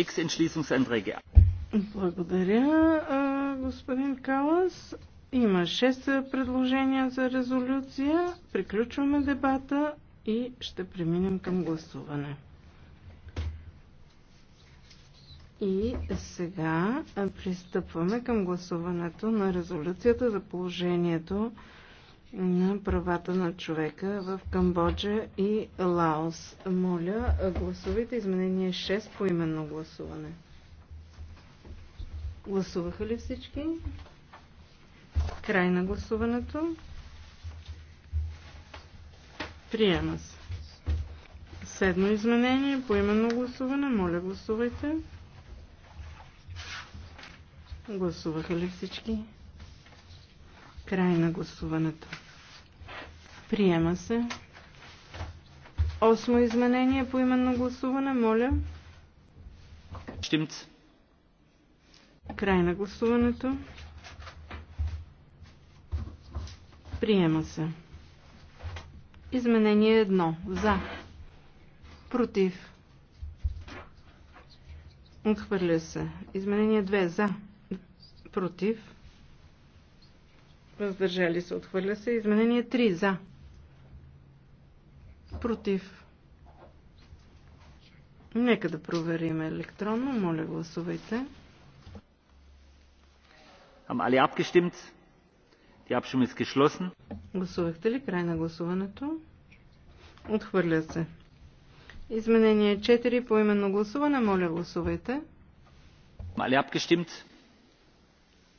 entschließungsanträge. Благодаря, господин Калас. Има 6 предложения за резолюция. Приключваме дебата и ще преминем към гласуване. И сега пристъпваме към гласуването на резолюцията за положението на правата на човека в Камбоджа и Лаос. Моля, гласувайте изменение 6 по именно гласуване. Гласуваха ли всички? Край на гласуването. Приема се. Седмо изменение по именно гласуване. Моля, гласувайте. Гласуваха ли всички? Край на гласуването. Приема се. Осмо изменение по именно гласуване, моля. Штимц. Край на гласуването. Приема се. Изменение едно. За. Против. Отхвърля се. Изменение 2. За. Против. Въздържали се. Отхвърля се. Изменение 3. За. Против. Нека да проверим електронно. Моля, гласувайте. Haben alle abgestimmt? Die Abstimmung ist geschlossen. Гласувахте ли край на гласуването? Отхвърля се. Изменение 4 по именно гласуване. Моля, гласувайте. Alle abgestimmt?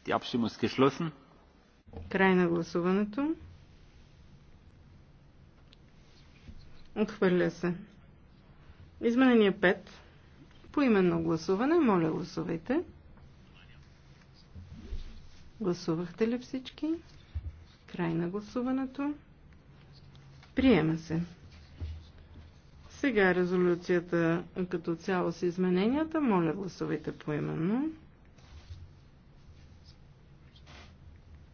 Die Abstimmung ist geschlossen. Край на гласуването. Отхвърля се. Изменение 5. Поименно гласуване. Моля, гласувайте. Гласувахте ли всички? Край на гласуването. Приема се. Сега резолюцията като цяло с измененията. Моля, гласувайте поименно.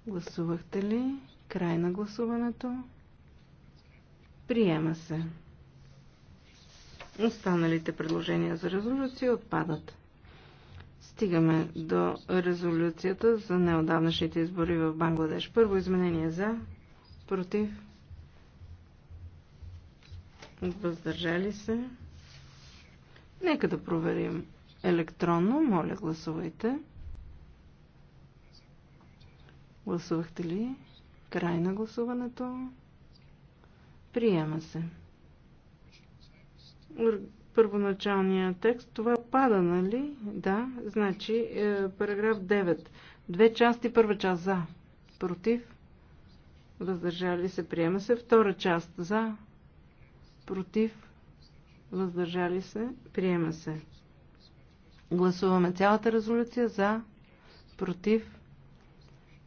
Гласувахте ли? Край на гласуването. Приема се. Останалите предложения за резолюция отпадат. Стигаме до резолюцията за неодавнашните избори в Бангладеш. Първо изменение за, против, въздържали се. Нека да проверим електронно. Моля, гласувайте. Гласувахте ли? Край на гласуването. Приема се. Първоначалният текст, това пада, нали? Да, значи е, параграф 9. Две части, първа част за, против, въздържали се, приема се. Втора част за, против, въздържали се, приема се. Гласуваме цялата резолюция за, против,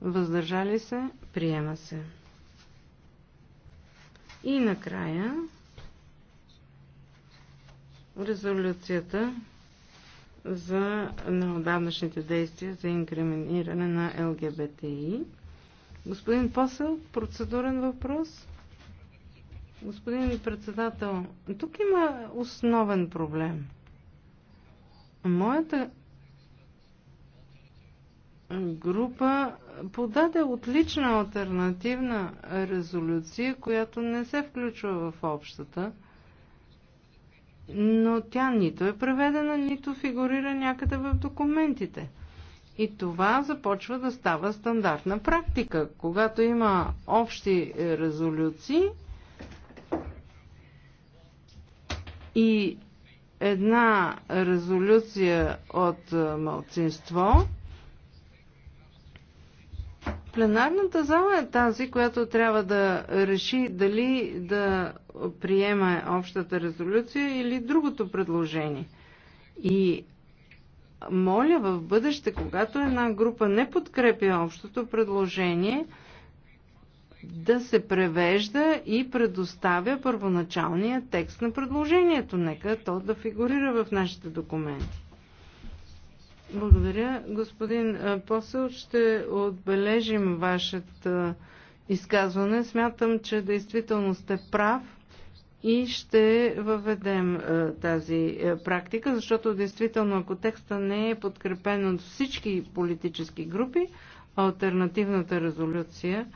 въздържали се, приема се. И накрая резолюцията за неодавнашните действия за инкриминиране на ЛГБТИ. Господин Посел, процедурен въпрос. Господин председател, тук има основен проблем. Моята група подаде отлична альтернативна резолюция, която не се включва в общата, но тя нито е преведена, нито фигурира някъде в документите. И това започва да става стандартна практика. Когато има общи резолюции и една резолюция от малцинство, Пленарната зала е тази, която трябва да реши дали да приема общата резолюция или другото предложение. И моля в бъдеще, когато една група не подкрепя общото предложение, да се превежда и предоставя първоначалния текст на предложението. Нека то да фигурира в нашите документи. Благодаря. Господин Посел, ще отбележим вашето изказване. Смятам, че действително сте прав и ще въведем тази практика, защото действително, ако текста не е подкрепен от всички политически групи, альтернативната резолюция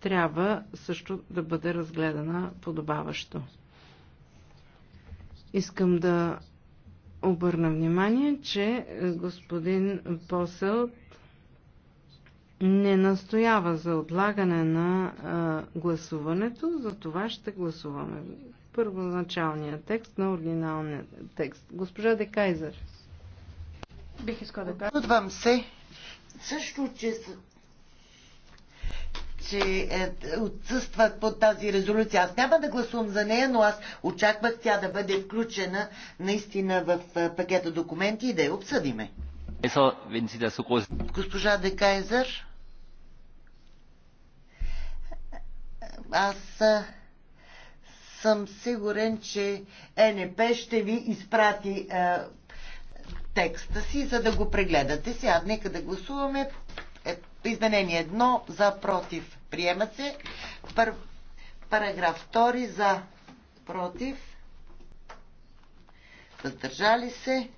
трябва също да бъде разгледана подобаващо. Искам да обърна внимание, че е, господин Посел не настоява за отлагане на а, е, гласуването, за това ще гласуваме първоначалния текст на оригиналния текст. Госпожа Декайзер. Бих искала да кажа. Отвам се. Също, че че е, отсъстват под тази резолюция. Аз няма да гласувам за нея, но аз очаквах тя да бъде включена наистина в е, пакета документи и да я обсъдиме. Госпожа Декайзер, аз е, съм сигурен, че НП ще ви изпрати а, текста си, за да го прегледате. Сега нека да гласуваме изменение едно за против Приема се. Пър... Параграф 2 за. Против. Въздържали се.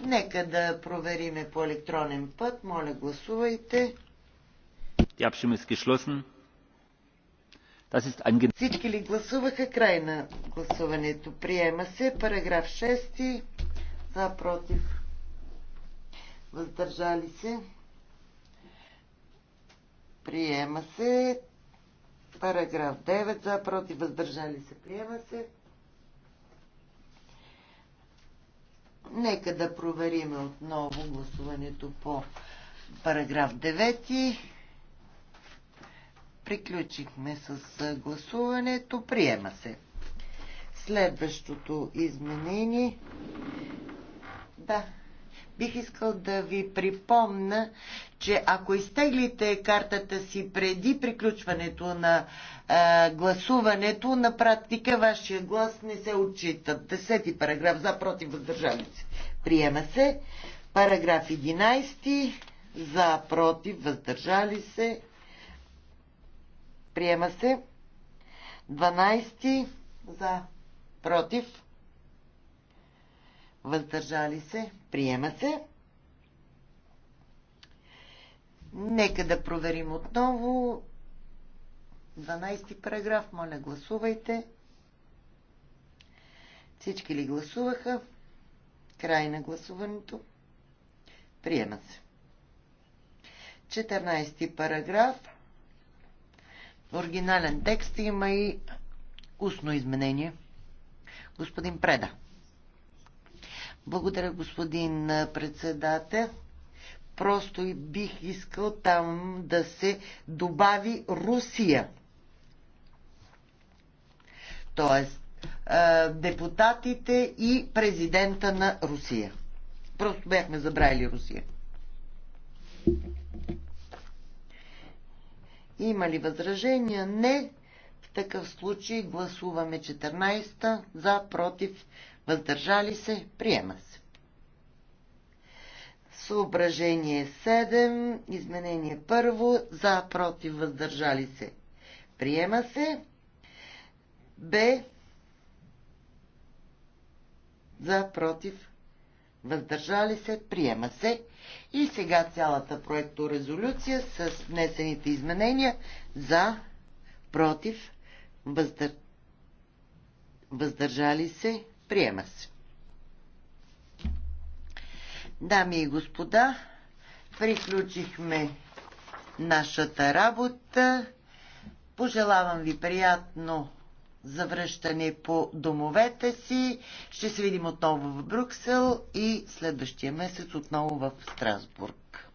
Нека да провериме по електронен път. Моля, гласувайте. Die Abstimmung Das ist Всички ли гласуваха край на гласуването? Приема се параграф 6. За против. Въздържали се. Приема се. Параграф 9 за против въздържали се. Приема се. Нека да проверим отново гласуването по параграф 9. Приключихме с гласуването. Приема се. Следващото изменение. Да. Бих искал да ви припомна, че ако изтеглите картата си преди приключването на е, гласуването, на практика вашия глас не се отчита. Десети параграф за против въздържали се. Приема се. Параграф 11 за против въздържали се. Приема се. 12 за против въздържали се, приема се. Нека да проверим отново. 12 параграф, моля гласувайте. Всички ли гласуваха? Край на гласуването. Приема се. 14 параграф. Оригинален текст има и устно изменение. Господин Преда. Благодаря, господин председател. Просто и бих искал там да се добави Русия. Тоест, депутатите и президента на Русия. Просто бяхме забравили Русия. Има ли възражения? Не. В такъв случай гласуваме 14 за, против, въздържали се, приема се. Съображение 7, изменение първо, за, против, въздържали се, приема се. Б, за, против, въздържали се, приема се. И сега цялата проекторезолюция с внесените изменения за, против, въздър... въздържали се, Приема се. Дами и господа, приключихме нашата работа. Пожелавам ви приятно завръщане по домовете си. Ще се видим отново в Брюксел и следващия месец отново в Страсбург.